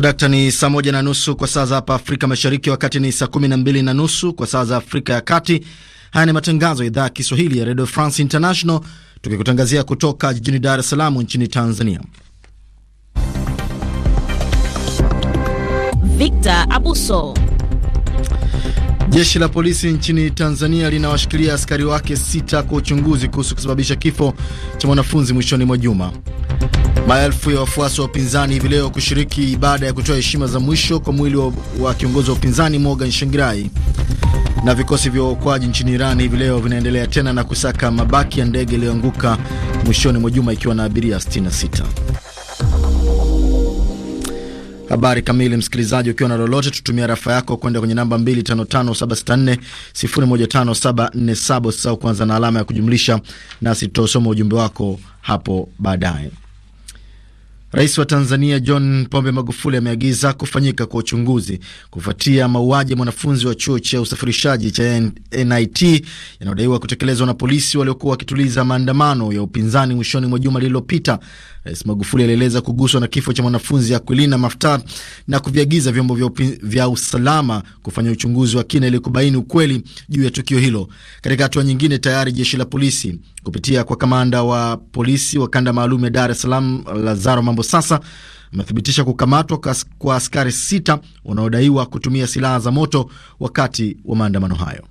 dakta ni saa moja na nusu kwa saa za hapa Afrika Mashariki, wakati ni saa kumi na mbili na nusu kwa saa za Afrika ya Kati. Haya ni matangazo ya idhaa ya Kiswahili ya Radio France International, tukikutangazia kutoka jijini Dar es Salaam nchini Tanzania. Victor Abuso Jeshi la polisi nchini Tanzania linawashikilia askari wake sita kwa uchunguzi kuhusu kusababisha kifo cha mwanafunzi mwishoni mwa juma. Maelfu ya wafuasi wa upinzani hivi leo kushiriki ibada ya kutoa heshima za mwisho kwa mwili wa, kiongozi wa upinzani Morgan Shangirai. Na vikosi vya uokoaji nchini Iran hivi leo vinaendelea tena na kusaka mabaki ya ndege iliyoanguka mwishoni mwa juma ikiwa na abiria 66. Habari kamili, msikilizaji, ukiwa na lolote, tutumia rafa yako kwenda kwenye namba 255764015747 usisahau kuanza na alama ya kujumlisha, nasi tutasoma ujumbe wako hapo baadaye. Rais wa Tanzania John Pombe Magufuli ameagiza kufanyika kwa uchunguzi kufuatia mauaji ya mwanafunzi wa chuo cha usafirishaji cha NIT yanayodaiwa kutekelezwa na polisi waliokuwa wakituliza maandamano ya upinzani mwishoni mwa juma lililopita. Rais Magufuli alieleza kuguswa na kifo cha mwanafunzi Akwilina Maftar na kuviagiza vyombo vya, vya usalama kufanya uchunguzi wa kina ili kubaini ukweli juu ya tukio hilo. Katika hatua nyingine, tayari jeshi la polisi kupitia kwa kamanda wa polisi wa kanda maalum ya Dar es Salaam Lazaro mambo sasa amethibitisha kukamatwa kwa askari sita wanaodaiwa kutumia silaha za moto wakati wa maandamano hayo.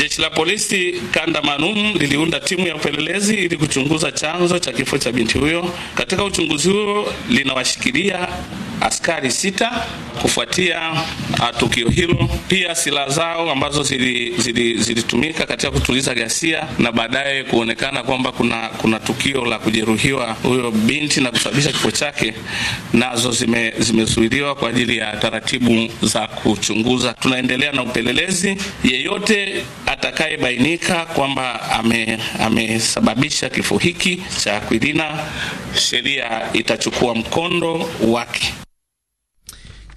Jeshi la polisi kanda manum liliunda timu ya upelelezi ili kuchunguza chanzo cha kifo cha binti huyo. Katika uchunguzi huo linawashikilia askari sita kufuatia uh, tukio hilo. Pia silaha zao ambazo zilitumika zili, zili katika kutuliza ghasia na baadaye kuonekana kwamba kuna, kuna tukio la kujeruhiwa huyo binti na kusababisha kifo chake, nazo zimezuiliwa zime kwa ajili ya taratibu za kuchunguza. Tunaendelea na upelelezi. Yeyote atakayebainika kwamba amesababisha ame kifo hiki cha Akwilina, sheria itachukua mkondo wake.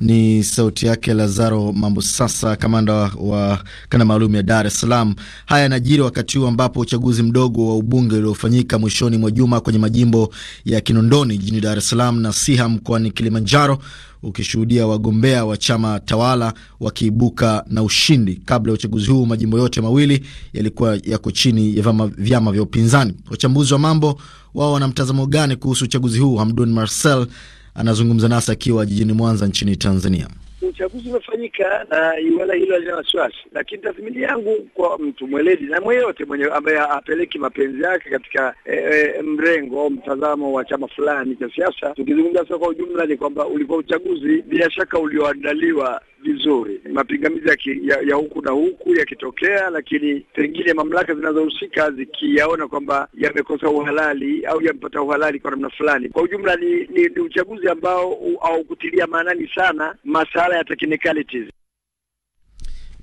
Ni sauti yake Lazaro Mambo Sasa, kamanda wa kanda maalum ya Dar es Salaam. Haya yanajiri wakati huu ambapo uchaguzi mdogo wa ubunge uliofanyika mwishoni mwa juma kwenye majimbo ya Kinondoni jijini Dar es Salaam na Siha mkoani Kilimanjaro ukishuhudia wagombea wa chama tawala wakiibuka na ushindi. Kabla ya uchaguzi huu, majimbo yote mawili yalikuwa yako chini ya vyama, vyama vya upinzani. Wachambuzi wa mambo wao wana mtazamo gani kuhusu uchaguzi huu? Hamdun Marcel anazungumza nasi akiwa jijini Mwanza nchini Tanzania uchaguzi umefanyika na wala hilo halina wasiwasi, lakini tathmini yangu kwa mtu mweledi na mweyote mwenye ambaye apeleki mapenzi yake katika e, e, mrengo au mtazamo wa chama fulani cha siasa, tukizungumza sasa kwa ujumla, ni kwamba ulikuwa uchaguzi bila shaka ulioandaliwa vizuri, mapingamizi ya, ya, ya huku na huku yakitokea, lakini pengine mamlaka zinazohusika zikiyaona kwamba yamekosa uhalali au yamepata uhalali kwa namna fulani. Kwa ujumla ni, ni, ni uchaguzi ambao haukutilia maanani sana masala masuala ya technicalities.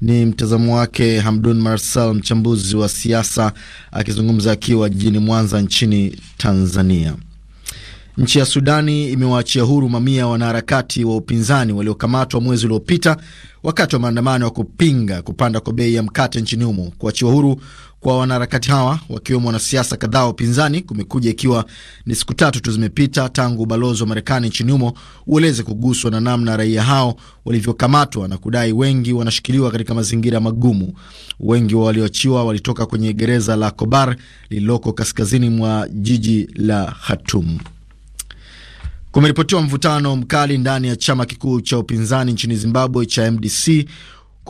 Ni mtazamo wake Hamdun Marsal, mchambuzi wa siasa, akizungumza akiwa jijini Mwanza nchini Tanzania. Nchi ya Sudani imewaachia huru mamia ya wanaharakati wa upinzani waliokamatwa mwezi uliopita wakati wa maandamano ya kupinga kupanda kwa bei ya mkate nchini humo. Kuachiwa huru kwa wanaharakati hawa wakiwemo wanasiasa kadhaa wa upinzani kumekuja ikiwa ni siku tatu tu zimepita tangu ubalozi wa Marekani nchini humo ueleze kuguswa na namna raia hao walivyokamatwa na kudai wengi wanashikiliwa katika mazingira magumu. Wengi wa walioachiwa walitoka kwenye gereza la Kobar lililoko kaskazini mwa jiji la Khartoum. Kumeripotiwa mvutano mkali ndani ya chama kikuu cha upinzani nchini Zimbabwe cha MDC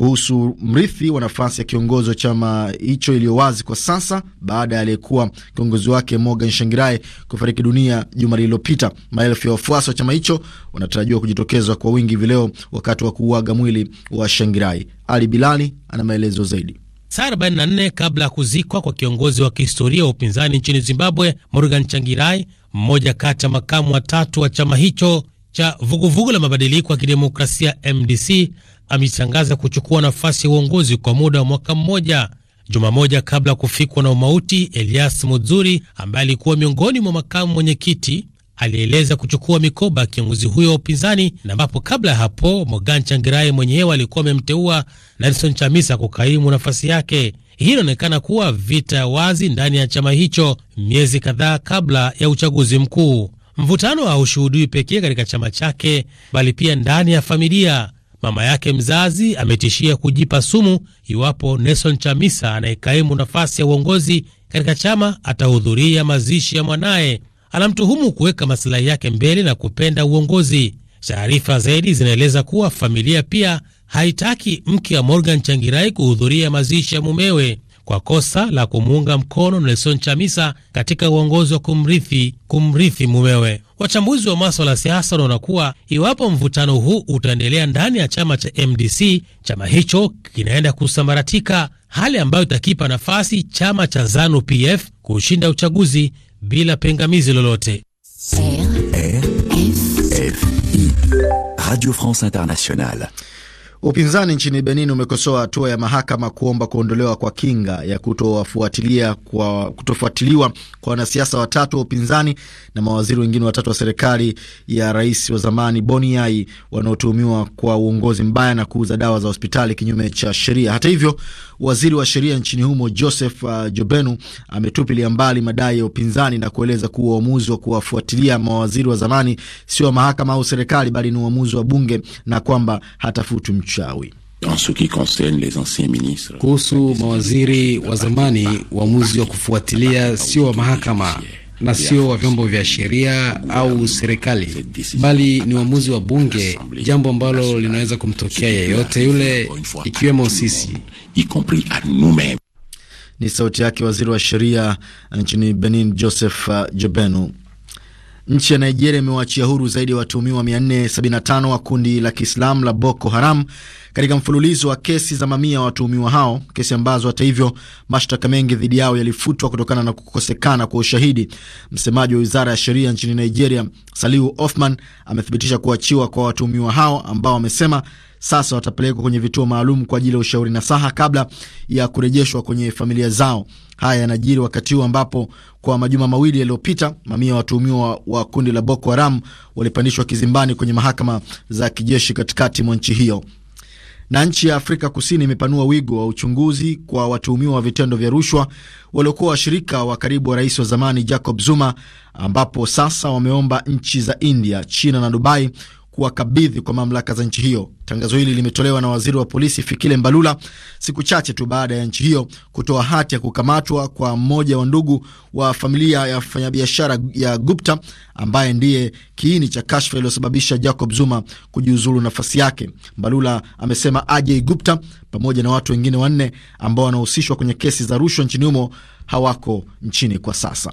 kuhusu mrithi wa nafasi ya kiongozi wa chama hicho iliyo wazi kwa sasa baada ya aliyekuwa kiongozi wake Morgan Shangirai kufariki dunia juma lililopita. Maelfu ya wafuasi wa chama hicho wanatarajiwa kujitokeza kwa wingi vileo wakati wa kuuaga mwili wa Shangirai. Ali Bilali ana maelezo zaidi. Saa 44 kabla ya kuzikwa kwa kiongozi wa kihistoria wa upinzani nchini Zimbabwe, Morgan Changirai, mmoja kati ya makamu watatu wa chama hicho cha vuguvugu la mabadiliko ya kidemokrasia MDC ametangaza kuchukua nafasi ya uongozi kwa muda wa mwaka mmoja, juma moja kabla ya kufikwa na umauti. Elias Mudzuri ambaye alikuwa miongoni mwa makamu mwenyekiti alieleza kuchukua mikoba kiongozi huyo wa upinzani, na ambapo kabla ya hapo Morgan Changirai mwenyewe alikuwa amemteua Nelson Chamisa kukaimu nafasi yake. Hii inaonekana kuwa vita ya wazi ndani ya chama hicho miezi kadhaa kabla ya uchaguzi mkuu. Mvutano haushuhudiwi pekee katika chama chake, bali pia ndani ya familia. Mama yake mzazi ametishia kujipa sumu iwapo Nelson Chamisa anayekaimu nafasi ya uongozi katika chama atahudhuria mazishi ya mwanaye. Anamtuhumu kuweka masilahi yake mbele na kupenda uongozi. Taarifa zaidi zinaeleza kuwa familia pia haitaki mke wa Morgan Changirai kuhudhuria mazishi ya mumewe kwa kosa la kumuunga mkono Nelson Chamisa katika uongozi wa kumrithi kumrithi mumewe. Wachambuzi wa maswala ya siasa wanaona kuwa iwapo mvutano huu utaendelea ndani ya chama cha MDC, chama hicho kinaenda kusambaratika, hali ambayo itakipa nafasi chama cha ZANU PF kushinda uchaguzi bila pingamizi lolote. Radio France Internationale. Upinzani nchini Benin umekosoa hatua ya mahakama kuomba kuondolewa kwa kinga ya kutofuatiliwa kwa, kutofuatiliwa kwa wanasiasa watatu wa upinzani na mawaziri wengine watatu wa serikali ya rais wa zamani Boni Yai wanaotuhumiwa kwa uongozi mbaya na kuuza dawa za hospitali kinyume cha sheria. Hata hivyo Waziri wa sheria nchini humo Joseph uh, Jobenu ametupilia mbali madai ya upinzani na kueleza kuwa uamuzi wa kuwafuatilia mawaziri wa zamani sio wa mahakama au serikali, bali ni uamuzi wa bunge na kwamba hatafuti mchawi. Kuhusu mawaziri wa zamani, uamuzi wa kufuatilia sio wa mahakama na sio wa vyombo vya sheria au serikali, bali ni uamuzi wa bunge, jambo ambalo linaweza kumtokea yeyote yule, ikiwemo sisi. Ni sauti yake waziri wa sheria nchini Benin, Joseph uh, Jobenu. Nchi ya Nigeria imewaachia huru zaidi ya watuhumiwa 475 wa kundi la Kiislamu la Boko Haram katika mfululizo wa kesi za mamia ya watuhumiwa hao, kesi ambazo hata hivyo mashtaka mengi dhidi yao yalifutwa kutokana na kukosekana kwa ushahidi. Msemaji wa wizara ya sheria nchini Nigeria, Saliu Othman, amethibitisha kuachiwa kwa watuhumiwa hao ambao wamesema sasa watapelekwa kwenye vituo maalum kwa ajili ya ushauri nasaha kabla ya kurejeshwa kwenye familia zao. Haya yanajiri wakati huu ambapo kwa majuma mawili yaliyopita mamia ya watuhumiwa wa kundi la Boko Haram walipandishwa kizimbani kwenye mahakama za kijeshi katikati mwa nchi hiyo. Na nchi ya Afrika Kusini imepanua wigo wa uchunguzi kwa watuhumiwa wa vitendo vya rushwa waliokuwa washirika wa karibu wa rais wa zamani Jacob Zuma, ambapo sasa wameomba nchi za India, China na Dubai kuwakabidhi kwa mamlaka za nchi hiyo. Tangazo hili limetolewa na waziri wa polisi Fikile Mbalula siku chache tu baada ya nchi hiyo kutoa hati ya kukamatwa kwa mmoja wa ndugu wa familia ya wafanyabiashara ya Gupta ambaye ndiye kiini cha kashfa iliyosababisha Jacob Zuma kujiuzulu nafasi yake. Mbalula amesema Ajay Gupta pamoja na watu wengine wanne ambao wanahusishwa kwenye kesi za rushwa nchini humo hawako nchini kwa sasa.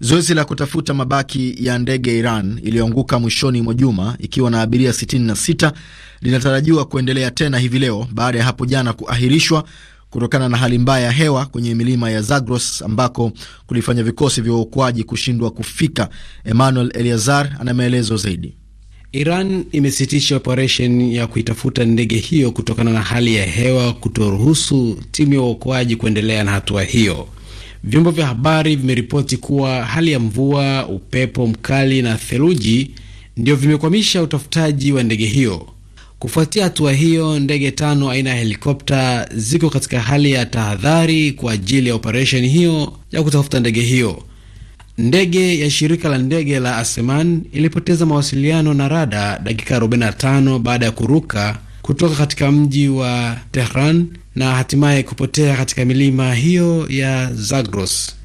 Zoezi la kutafuta mabaki ya ndege ya Iran iliyoanguka mwishoni mwa juma ikiwa na abiria 66 linatarajiwa kuendelea tena hivi leo baada ya hapo jana kuahirishwa kutokana na hali mbaya ya hewa kwenye milima ya Zagros ambako kulifanya vikosi vya uokoaji kushindwa kufika. Emmanuel Eliazar ana maelezo zaidi. Iran imesitisha operesheni ya kuitafuta ndege hiyo kutokana na hali ya hewa kutoruhusu timu ya uokoaji kuendelea na hatua hiyo. Vyombo vya habari vimeripoti kuwa hali ya mvua, upepo mkali na theluji ndio vimekwamisha utafutaji wa ndege hiyo. Kufuatia hatua hiyo, ndege tano aina ya helikopta ziko katika hali ya tahadhari kwa ajili ya operesheni hiyo ya kutafuta ndege hiyo. Ndege ya shirika la ndege la Aseman ilipoteza mawasiliano na rada dakika 45 baada ya kuruka kutoka katika mji wa Tehran na hatimaye kupotea katika milima hiyo ya Zagros.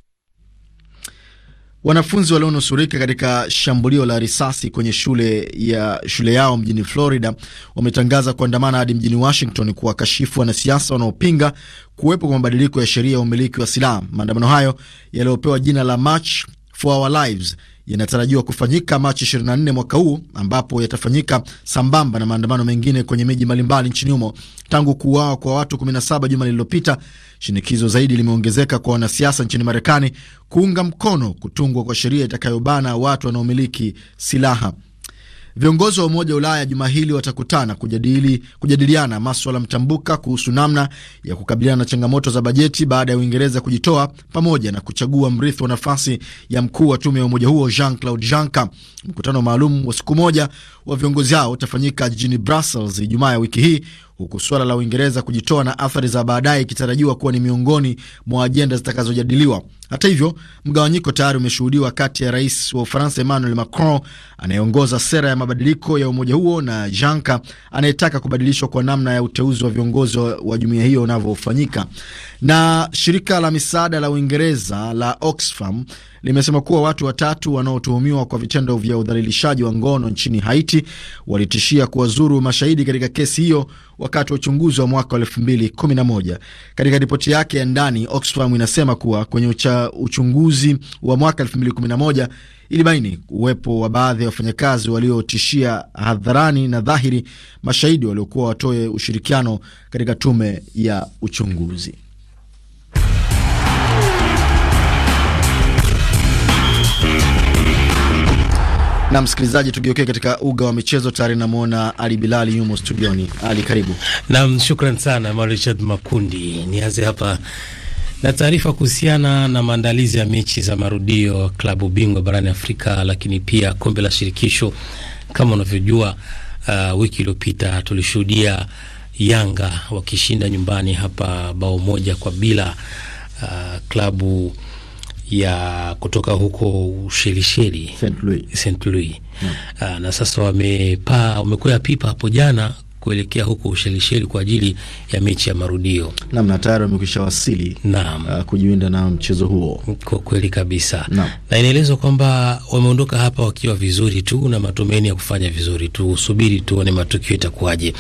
Wanafunzi walionusurika katika shambulio la risasi kwenye shule ya shule yao mjini Florida wametangaza kuandamana hadi mjini Washington kuwakashifu wanasiasa wanaopinga kuwepo kwa mabadiliko ya sheria ya umiliki wa silaha. Maandamano hayo yaliyopewa jina la March for Our Lives yanatarajiwa kufanyika Machi 24 mwaka huu, ambapo yatafanyika sambamba na maandamano mengine kwenye miji mbalimbali nchini humo. Tangu kuuawa kwa watu 17 juma lililopita, shinikizo zaidi limeongezeka kwa wanasiasa nchini Marekani kuunga mkono kutungwa kwa sheria itakayobana watu wanaomiliki silaha. Viongozi wa Umoja wa Ulaya juma hili watakutana kujadili, kujadiliana maswala mtambuka kuhusu namna ya kukabiliana na changamoto za bajeti baada ya Uingereza kujitoa pamoja na kuchagua mrithi wa nafasi ya mkuu wa tume ya umoja huo Jean Claude Juncker. Mkutano maalum wa siku moja wa viongozi hao utafanyika jijini Brussels Ijumaa ya wiki hii huku suala la Uingereza kujitoa na athari za baadaye ikitarajiwa kuwa ni miongoni mwa ajenda zitakazojadiliwa. Hata hivyo, mgawanyiko tayari umeshuhudiwa kati ya rais wa Ufaransa Emmanuel Macron anayeongoza sera ya mabadiliko ya umoja huo na Janka anayetaka kubadilishwa kwa namna ya uteuzi wa viongozi wa jumuiya hiyo unavyofanyika. Na shirika la misaada la Uingereza la Oxfam limesema kuwa watu watatu wanaotuhumiwa kwa vitendo vya udhalilishaji wa ngono nchini Haiti walitishia kuwazuru mashahidi katika kesi hiyo wakati wa uchunguzi wa mwaka wa 2011. Katika ripoti yake ya ndani, Oxfam inasema kuwa kwenye ucha uchunguzi wa mwaka 2011 ilibaini uwepo wa baadhi ya wafanyakazi waliotishia hadharani na dhahiri mashahidi waliokuwa watoe ushirikiano katika tume ya uchunguzi. Na msikilizaji, tugeukie katika uga wa michezo. Tayari namwona Ali Bilali yumo studioni. Ali, karibu. Nam, shukran sana Marishad Makundi. Nianze hapa na taarifa kuhusiana na maandalizi ya mechi za marudio klabu bingwa barani Afrika, lakini pia kombe la shirikisho. Kama unavyojua, uh, wiki iliyopita tulishuhudia Yanga wakishinda nyumbani hapa bao moja kwa bila uh, klabu ya kutoka huko Ushelisheli Saint Louis, Saint Louis. Yeah. Uh, na sasa wamepaa wamekwea pipa hapo jana kuelekea huko Ushelisheli kwa ajili ya mechi ya marudio. Naam, na tayari wamekwisha wasili naam, uh, kujiunda na mchezo huo. Kwa kweli kabisa naam. Na inaelezwa kwamba wameondoka hapa wakiwa vizuri tu na matumaini ya kufanya vizuri tu, subiri tuone matukio itakuwaje.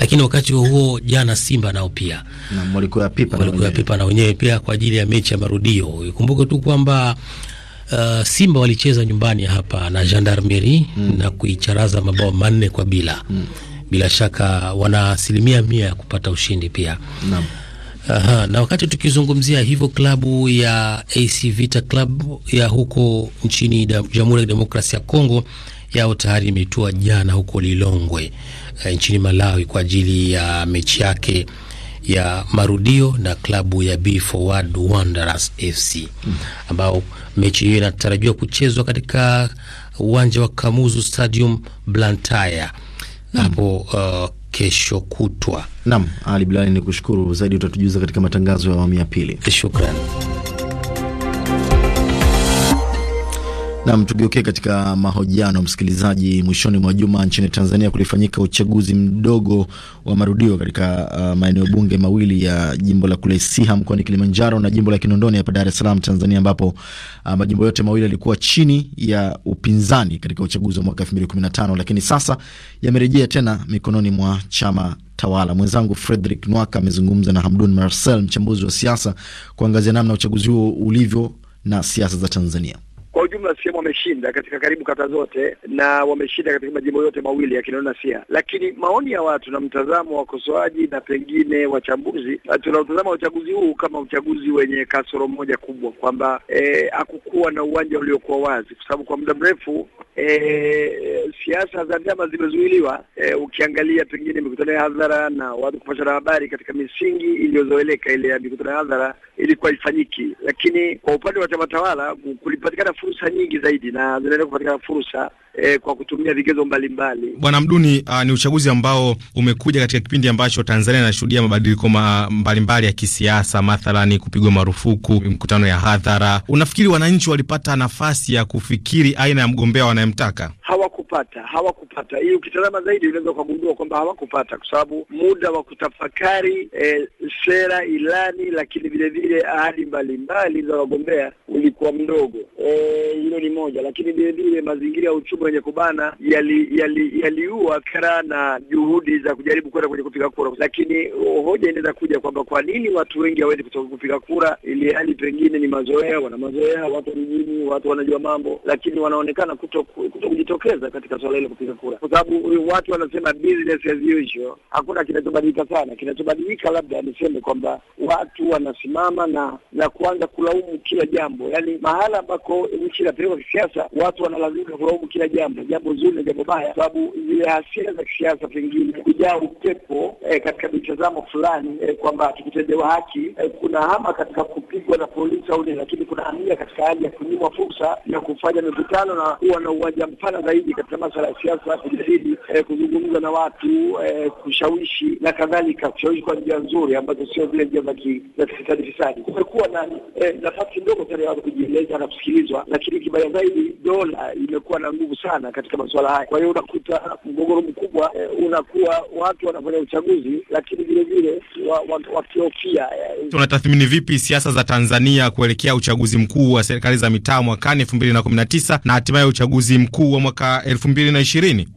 Lakini wakati huo huo, jana, Simba nao pia naam, walikuwa pipa walikuwa pipa na wenyewe pia kwa ajili ya mechi ya marudio. Ikumbuke tu kwamba Uh, Simba walicheza nyumbani hapa na Gendarmerie mm. na kuicharaza mabao manne kwa bila mm bila shaka wana asilimia mia ya kupata ushindi pia. Naam. Aha, na wakati tukizungumzia hivyo klabu ya AC Vita Club ya huko nchini Jamhuri ya Demokrasia ya Kongo yao tayari imetua jana huko Lilongwe e, nchini Malawi kwa ajili ya mechi yake ya marudio na klabu ya B Forward Wanderers FC ambao mechi hiyo inatarajiwa kuchezwa katika uwanja wa Kamuzu Stadium Blantyre hapo uh, kesho kutwa. Naam, Ali Bilali, ni kushukuru zaidi, utatujuza katika matangazo ya awamu ya pili. Shukrani. Nam, tugeukie katika mahojiano msikilizaji. Mwishoni mwa juma nchini Tanzania kulifanyika uchaguzi mdogo wa marudio katika uh, maeneo bunge mawili ya jimbo la kule Siha mkoani Kilimanjaro na jimbo la Kinondoni hapa Dar es Salaam Tanzania, ambapo uh, majimbo yote mawili yalikuwa chini ya upinzani katika uchaguzi wa mwaka 2015 lakini sasa yamerejea tena mikononi mwa chama tawala. Mwenzangu Frederick Nwaka amezungumza na Hamdun Marcel, mchambuzi wa siasa, kuangazia namna uchaguzi huo ulivyo na siasa za Tanzania. Kwa ujumla CCM wameshinda katika karibu kata zote na wameshinda katika majimbo yote mawili ya Kinondoni na Siha, lakini maoni ya watu na mtazamo wa wakosoaji na pengine wachambuzi, tunautazama uchaguzi huu kama uchaguzi wenye kasoro moja kubwa, kwamba eh, hakukuwa e, na uwanja uliokuwa wazi, kwa sababu kwa muda mrefu e, siasa za vyama zimezuiliwa. E, ukiangalia pengine mikutano ya hadhara na watu kupashana habari katika misingi iliyozoeleka ile ya mikutano ya hadhara ilikuwa ifanyiki, lakini kwa upande wa chama tawala kulipatikana fursa nyingi zaidi na zinaenda kupatikana fursa eh, kwa kutumia vigezo mbalimbali. Bwana Mduni, uh, ni uchaguzi ambao umekuja katika kipindi ambacho Tanzania inashuhudia mabadiliko mbalimbali ya kisiasa, mathalani kupigwa marufuku mkutano ya hadhara. Unafikiri wananchi walipata nafasi ya kufikiri aina ya mgombea wanayemtaka? Hawakupata, hawakupata. Hii ukitazama zaidi unaweza ukagundua kwamba hawakupata kwa sababu muda wa kutafakari eh, sera, ilani, lakini vile vile ahadi mbalimbali za wagombea ulikuwa mdogo eh, hilo ni moja, lakini vilevile mazingira ya uchumi wenye kubana yaliua yali, yali kara na juhudi za kujaribu kwenda kwenye kupiga kura, lakini hoja inaweza kuja kwamba kwa nini watu wengi hawezi kutoka kupiga kura, ili hali pengine ni mazoea, wana mazoea, watu mjini, watu wanajua mambo, lakini wanaonekana kuto, kuto kujitokeza katika swala hilo kupiga kura, kwa sababu eh, watu wanasema business as usual. Hakuna kinachobadilika sana, kinachobadilika labda niseme kwamba watu wanasimama na na kuanza kulaumu kila jambo, yani mahala ambako nchi inapelekwa kisiasa, watu wanalazimika kulaumu kila jambo, jambo zuri na jambo baya, sababu zile hasira za kisiasa pengine kujaa upepo eh, katika mitazamo fulani eh, kwamba tukitendewa haki eh, kuna hama katika kupigwa na polisi au lakini kuna hamia katika hali ya kunyimwa fursa ya kufanya mikutano na kuwa na uwanja mpana zaidi katika masuala ya siasa, kujadili eh, kuzungumza na watu eh, kushawishi na kadhalika, kushawishi kwa njia nzuri ambazo sio zile njia za fisadi fisadi. Kumekuwa na eh, nafasi ndogo sana ya watu kujieleza na kusikilizwa lakini kibaya zaidi dola imekuwa na nguvu sana katika masuala haya. Kwa hiyo unakuta mgogoro mkubwa e, unakuwa watu wanafanya uchaguzi, lakini vile vile wakihofia wa, wa eh. Tunatathmini vipi siasa za Tanzania kuelekea uchaguzi mkuu wa serikali za mitaa mwakani elfu mbili na kumi na tisa na hatimaye uchaguzi mkuu wa mwaka elfu mbili na ishirini?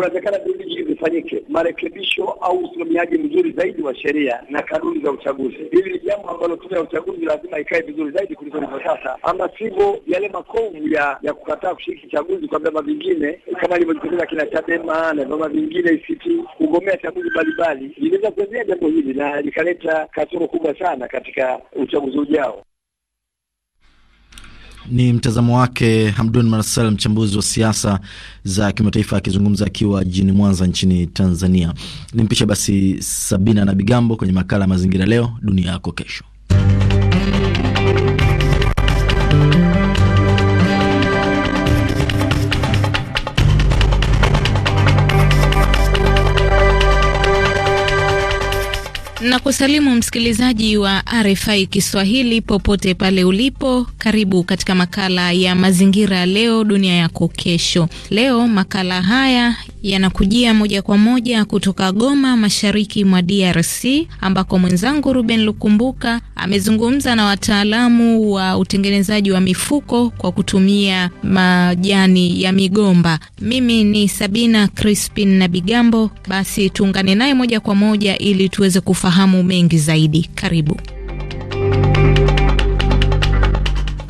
kunatakana juhudi nyingi zifanyike, marekebisho au usimamiaji mzuri zaidi wa sheria na kanuni za uchaguzi. Hili ni jambo ambalo tume ya uchaguzi lazima ikae vizuri zaidi kuliko ilivyo sasa, ama sivyo yale makovu ya ya kukataa kushiriki chaguzi kwa vyama vingine kama ilivyojitokeza kina Chadema na vyama vingine isiti kugomea chaguzi mbalimbali, linaweza kuendelea jambo hili na likaleta kasoro kubwa sana katika uchaguzi ujao. Ni mtazamo wake Hamdun Marsal, mchambuzi wa siasa za kimataifa, akizungumza akiwa jijini Mwanza nchini Tanzania. Ni mpisha basi Sabina na Bigambo kwenye makala ya mazingira, leo dunia yako kesho. Nakusalimu msikilizaji wa RFI Kiswahili popote pale ulipo, karibu katika makala ya mazingira leo dunia yako kesho. Leo makala haya yanakujia moja kwa moja kutoka Goma, mashariki mwa DRC, ambako mwenzangu Ruben Lukumbuka amezungumza na wataalamu wa utengenezaji wa mifuko kwa kutumia majani ya migomba. Mimi ni Sabina Crispin na Bigambo, basi tuungane naye moja kwa moja ili tuweze kufahamu kufahamu mengi zaidi. Karibu.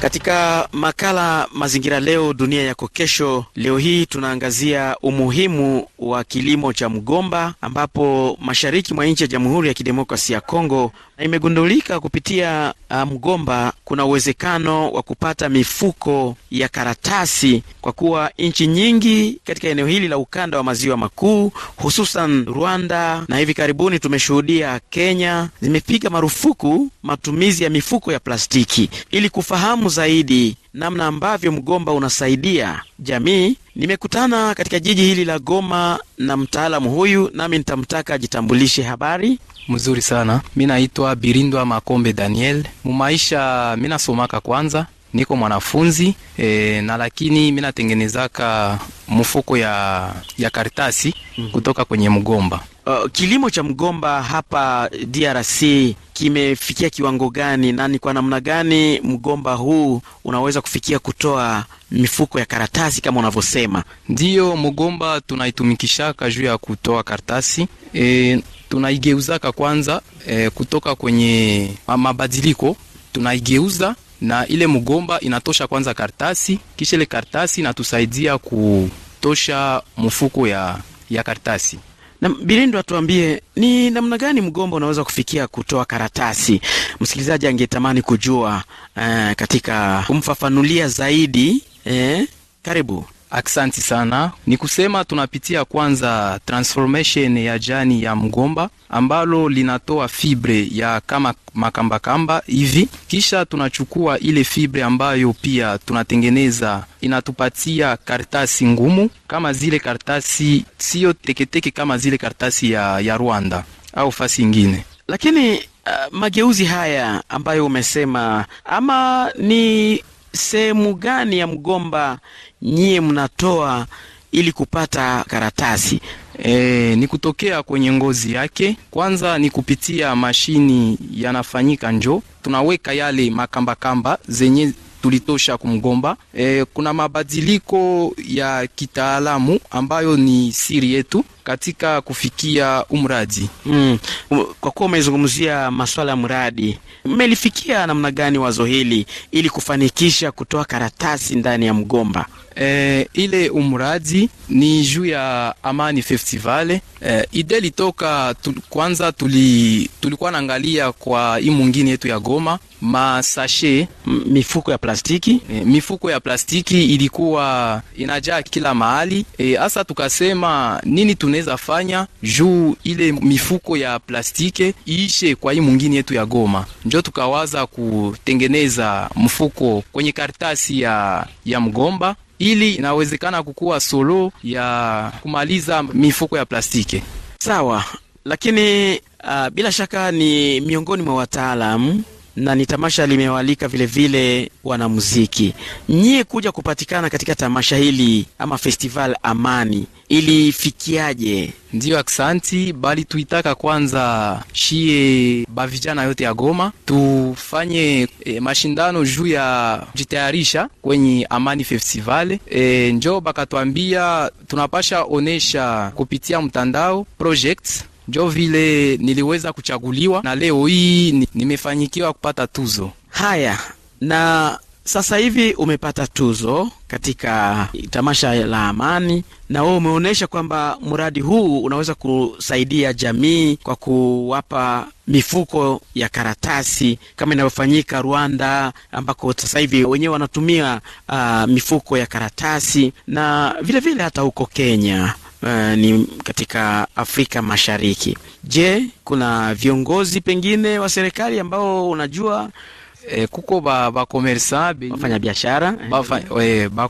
Katika makala Mazingira Leo Dunia Yako Kesho, leo hii tunaangazia umuhimu wa kilimo cha mgomba, ambapo mashariki mwa nchi ya Jamhuri ya kidemokrasi ya Kongo imegundulika kupitia uh, mgomba kuna uwezekano wa kupata mifuko ya karatasi, kwa kuwa nchi nyingi katika eneo hili la ukanda wa maziwa makuu hususan Rwanda na hivi karibuni tumeshuhudia Kenya zimepiga marufuku matumizi ya mifuko ya plastiki. Ili kufahamu zaidi namna ambavyo mgomba unasaidia jamii. Nimekutana katika jiji hili la Goma na mtaalamu huyu, nami nitamtaka ajitambulishe. Habari mzuri sana, mi naitwa Birindwa Makombe Daniel. Mumaisha mi nasomaka kwanza, niko mwanafunzi e, na lakini mi natengenezaka mfuko ya, ya karitasi mhm. kutoka kwenye mgomba Uh, kilimo cha mgomba hapa DRC kimefikia kiwango gani na ni kwa namna gani mgomba huu unaweza kufikia kutoa mifuko ya karatasi kama unavyosema? Ndiyo, mgomba tunaitumikishaka juu ya kutoa karatasi e, tunaigeuzaka kwanza e, kutoka kwenye mabadiliko tunaigeuza na ile mgomba inatosha kwanza karatasi, kisha ile karatasi inatusaidia kutosha mfuko ya, ya karatasi na Bilindo, atuambie ni namna gani mgomba unaweza kufikia kutoa karatasi. Msikilizaji angetamani kujua eh, katika kumfafanulia zaidi eh, karibu. Aksanti sana. Ni kusema tunapitia kwanza transformation ya jani ya mgomba ambalo linatoa fibre ya kama makambakamba hivi, kisha tunachukua ile fibre ambayo pia tunatengeneza, inatupatia kartasi ngumu kama zile kartasi, siyo teketeke kama zile kartasi ya, ya Rwanda au fasi ingine, lakini uh, mageuzi haya ambayo umesema ama ni sehemu gani ya mgomba nyie mnatoa ili kupata karatasi e, ni kutokea kwenye ngozi yake. Kwanza ni kupitia mashini yanafanyika, njo tunaweka yale makambakamba zenye tulitosha kumgomba. E, kuna mabadiliko ya kitaalamu ambayo ni siri yetu katika kufikia umradi mm. Kwa kuwa umezungumzia masuala ya mradi, mmelifikia namna gani wazo hili ili kufanikisha kutoa karatasi ndani ya mgomba? Eh, ile umradi ni juu ya Amani Festival. Eh, ide litoka tu, kwanza tuli, tulikuwa naangalia kwa hii mwingine yetu ya Goma masashe mifuko ya plastiki eh, mifuko ya plastiki ilikuwa inajaa kila mahali eh, hasa eh, tukasema nini tunaweza fanya juu ile mifuko ya plastiki iishe kwa hii mwingine yetu ya Goma, njo tukawaza kutengeneza mfuko kwenye karatasi ya, ya mgomba ili inawezekana kukuwa solo ya kumaliza mifuko ya plastiki. Sawa, lakini uh, bila shaka ni miongoni mwa wataalamu na ni tamasha limewalika vile vile wanamuziki. Nyie kuja kupatikana katika tamasha hili ama festival Amani ilifikiaje? Ndio, aksanti. Bali tuitaka kwanza shie bavijana yote ya Goma tufanye e, mashindano juu ya kujitayarisha kwenye Amani Festival. E, eh, njo bakatwambia tunapasha onesha kupitia mtandao project njo vile niliweza kuchaguliwa na leo hii nimefanyikiwa kupata tuzo haya. Na sasa hivi umepata tuzo katika tamasha la amani, na wewe umeonyesha kwamba mradi huu unaweza kusaidia jamii kwa kuwapa mifuko ya karatasi kama inavyofanyika Rwanda, ambako sasa hivi wenyewe wanatumia uh, mifuko ya karatasi na vilevile vile hata huko Kenya uh, ni katika Afrika Mashariki. Je, kuna viongozi pengine wa serikali ambao unajua E, kuko ba ba bafanya biashara e, ba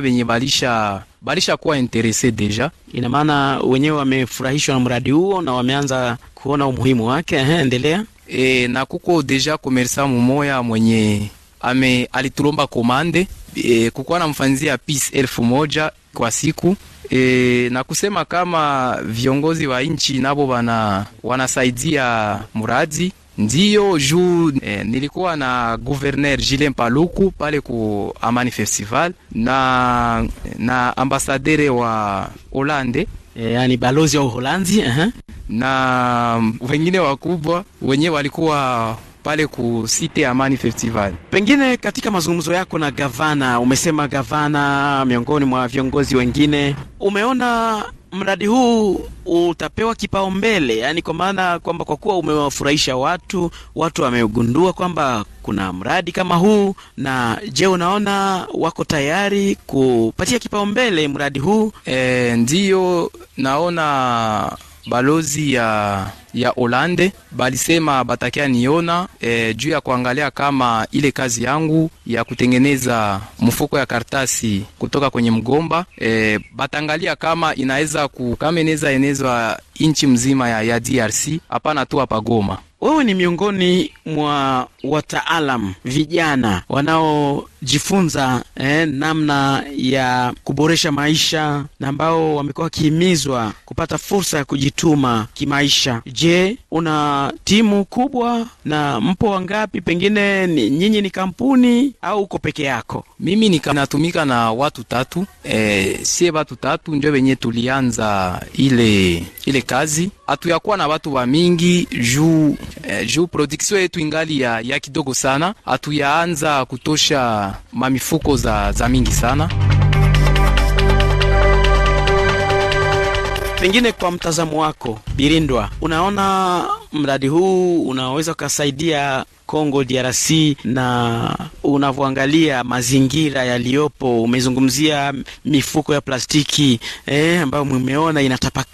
benye balisha balisha kuwa interese deja, ina maana wenyewe wamefurahishwa na mradi huo na wameanza kuona umuhimu wake. Ehe, endelea. E, na kuko deja komersa mumoya mwenye ame alitulomba komande e, kukuwa na mfanzia ya elfu moja kwa siku E, na kusema kama viongozi wa nchi nabo wana wanasaidia muradi ndiyo juu eh, nilikuwa na guverner Julien Paluku pale ku Amani Festival na na ambasadere wa Holande e, yani balozi wa Uholanzi uh -huh. na wengine wakubwa wenye walikuwa pale ku Amani Festival. Pengine katika mazungumzo yako na gavana, umesema gavana miongoni mwa viongozi wengine, umeona mradi huu utapewa kipaumbele, yani kwa maana kwamba kwa kuwa umewafurahisha watu, watu wamegundua kwamba kuna mradi kama huu. Na je, unaona wako tayari kupatia kipaumbele mradi huu? E, eh, ndiyo naona balozi ya ya Holande balisema batakia niona e, juu ya kuangalia kama ile kazi yangu ya kutengeneza mfuko ya kartasi kutoka kwenye mgomba e, batangalia kama inaweza kama inaweza enezwa inchi mzima ya, ya DRC hapana tu hapa Goma. Wewe ni miongoni mwa wataalam vijana wanao jifunza eh, namna ya kuboresha maisha na ambao wamekuwa wakihimizwa kupata fursa ya kujituma kimaisha. Je, una timu kubwa na mpo wangapi? Pengine nyinyi ni kampuni au uko peke yako? Mimi ninatumika na watu tatu. eh, sie watu tatu ndio wenye tulianza ile ile kazi, hatuyakuwa na watu wa mingi juu eh, juu production yetu ingali ya, ya kidogo sana, hatuyaanza kutosha mamifuko za, za mingi sana. Pengine kwa mtazamo wako Birindwa, unaona mradi huu unaweza ukasaidia Kongo DRC na unavyoangalia mazingira yaliyopo, umezungumzia mifuko ya plastiki eh, ambayo mmeona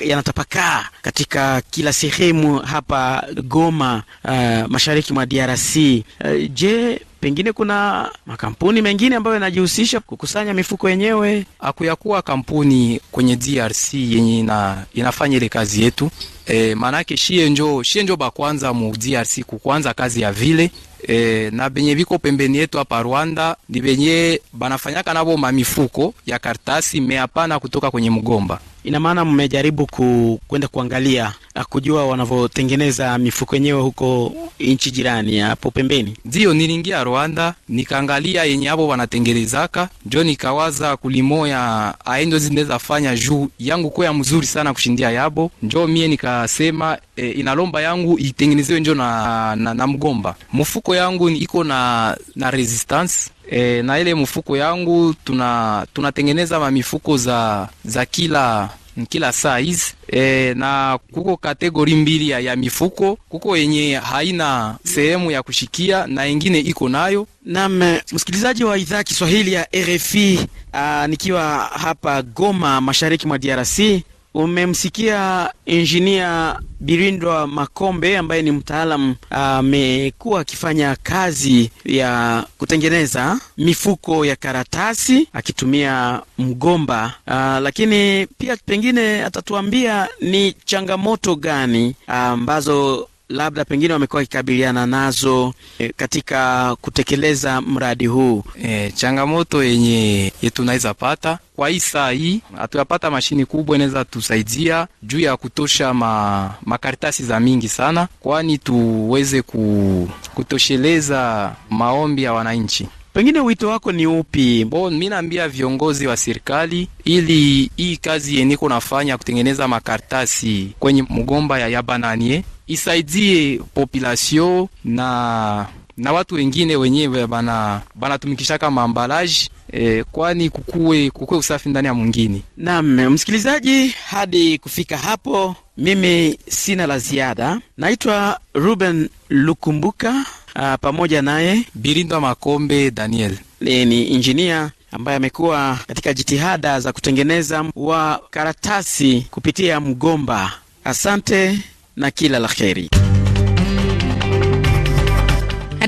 yanatapakaa katika kila sehemu hapa Goma, uh, mashariki mwa DRC. Uh, eh, je, Pengine kuna makampuni mengine ambayo yanajihusisha kukusanya mifuko yenyewe. akuyakuwa kampuni kwenye DRC yenye ina, inafanya ile kazi yetu e, maanake shie njo shie njo bakwanza mu DRC kukwanza kazi ya vile e, na benye viko pembeni yetu hapa Rwanda ni benye banafanyaka nabo mamifuko ya kartasi meapana kutoka kwenye mgomba Ina maana mmejaribu kwenda kuangalia kujua wanavyotengeneza mifuko yenyewe huko nchi jirani hapo pembeni? Ndiyo, niliingia Rwanda nikaangalia yenye hapo wanatengenezaka, njo nikawaza kulimoya aendo ah, zinaweza fanya juu yangu kwa mzuri sana kushindia yabo, njo mie nikasema e, eh, inalomba yangu itengenezewe njo na, na, na mgomba. Mfuko yangu iko na, na resistance E, na ile mfuko yangu tuna tunatengeneza mamifuko za za kila kila size e, na kuko kategori mbili ya, ya mifuko. Kuko yenye haina sehemu ya kushikia na ingine iko nayo. Naam, eh, msikilizaji wa idhaa Kiswahili ya RFI, aa, ah, nikiwa hapa Goma, mashariki mwa DRC Umemsikia injinia Birindwa Makombe ambaye ni mtaalam amekuwa akifanya kazi ya kutengeneza mifuko ya karatasi akitumia mgomba. a, ah, lakini pia pengine atatuambia ni changamoto gani ambazo labda pengine wamekuwa wakikabiliana nazo e, katika kutekeleza mradi huu? E, changamoto yenye tunaweza pata kwa hii saa hii hatuyapata mashini kubwa inaweza tusaidia juu ya kutosha ma, makaratasi za mingi sana, kwani tuweze ku, kutosheleza maombi ya wananchi. Pengine wito wako ni upi? Bo, mimi naambia viongozi wa serikali ili hii kazi yeniko nafanya kutengeneza makartasi kwenye mgomba ya yabananie isaidie population na na watu wengine wenyewe bana banatumikishaka maambalaji eh, kwani kukue, kukue usafi ndani ya mwingine. Naam, msikilizaji, hadi kufika hapo mimi sina la ziada. Naitwa Ruben Lukumbuka Uh, pamoja naye Birindwa Makombe Daniel ni injinia ambaye amekuwa katika jitihada za kutengeneza wa karatasi kupitia mgomba. Asante na kila la kheri.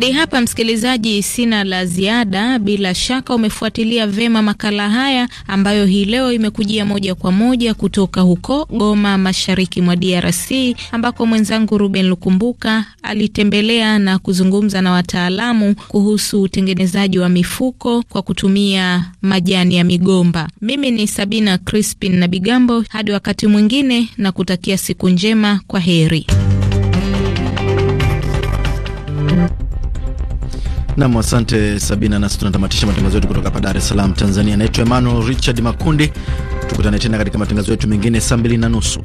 Hadi hapa msikilizaji, sina la ziada. Bila shaka umefuatilia vema makala haya ambayo hii leo imekujia moja kwa moja kutoka huko Goma, mashariki mwa DRC, ambako mwenzangu Ruben Lukumbuka alitembelea na kuzungumza na wataalamu kuhusu utengenezaji wa mifuko kwa kutumia majani ya migomba. Mimi ni Sabina Crispin na Bigambo, hadi wakati mwingine, na kutakia siku njema. Kwa heri. Nam, asante Sabina. Nasi tunatamatisha matangazo yetu kutoka hapa Dar es Salaam, Tanzania. Naitwa Emmanuel Richard Makundi, tukutane tena katika matangazo yetu mengine saa mbili na nusu.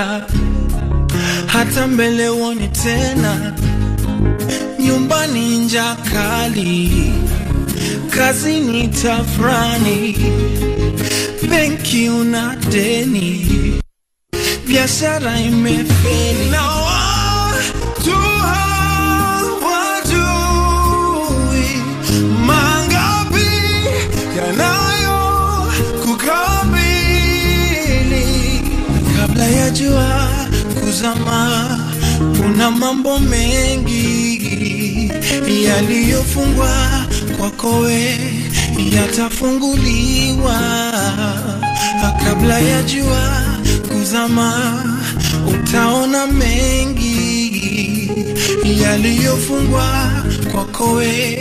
kupenda, hata mbele uone tena. Nyumbani nja kali, kazi ni tafrani, benki una deni, biashara imefeli. najua kuzama, kuna mambo mengi yaliyofungwa kwakowe yatafunguliwa kabla ya jua kuzama, utaona mengi yaliyofungwa kwakowe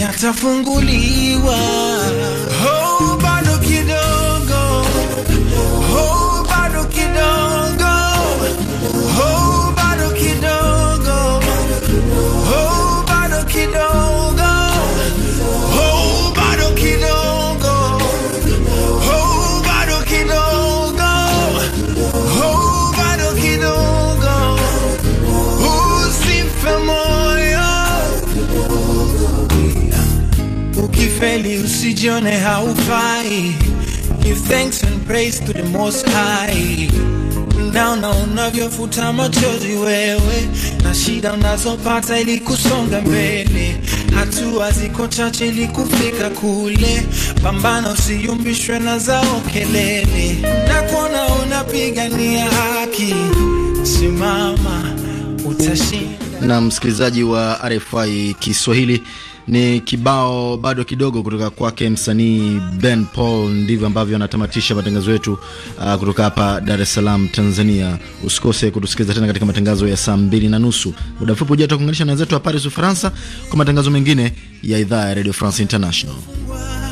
yatafunguliwa. Ukifeli usijione haufai, give thanks and praise to the most high. Naona unavyofuta machozi wewe na shida unazopata ili kusonga mbele, hatua ziko chache ili kufika kule. Pambana, usiyumbishwe na zao kelele, na kuona unapigania haki, simama, utashinda na msikilizaji wa RFI Kiswahili ni kibao bado kidogo kutoka kwake msanii Ben Paul. Ndivyo ambavyo anatamatisha matangazo yetu uh, kutoka hapa Dar es Salaam, Tanzania. Usikose kutusikiliza tena katika matangazo ya saa mbili na nusu. Muda mfupi ujao tutakuunganisha na wenzetu wa Paris, Ufaransa, kwa matangazo mengine ya idhaa ya Radio France International.